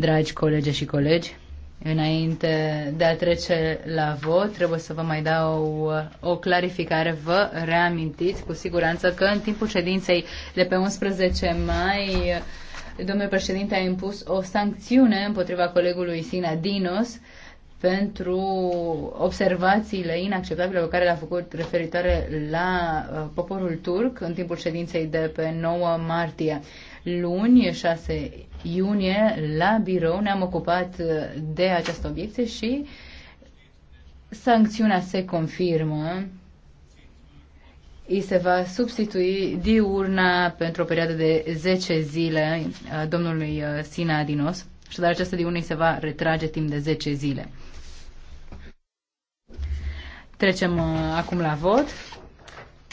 Dragi colegi și colegi, înainte de a trece la vot, trebuie să vă mai dau uh, o clarificare. Vă reamintiți cu siguranță că în timpul ședinței de pe 11 mai, domnul președinte a impus o sancțiune împotriva colegului Sina Dinos, pentru observațiile inacceptabile pe care le-a făcut referitoare la uh, poporul turc în timpul ședinței de pe 9 martie. Luni, 6 iunie, la birou ne-am ocupat uh, de această obiecție și sancțiunea se confirmă. Îi se va substitui diurna pentru o perioadă de 10 zile uh, domnului Sina Adinos și Așadar, această diurnă se va retrage timp de 10 zile. Trecem uh, acum la vot.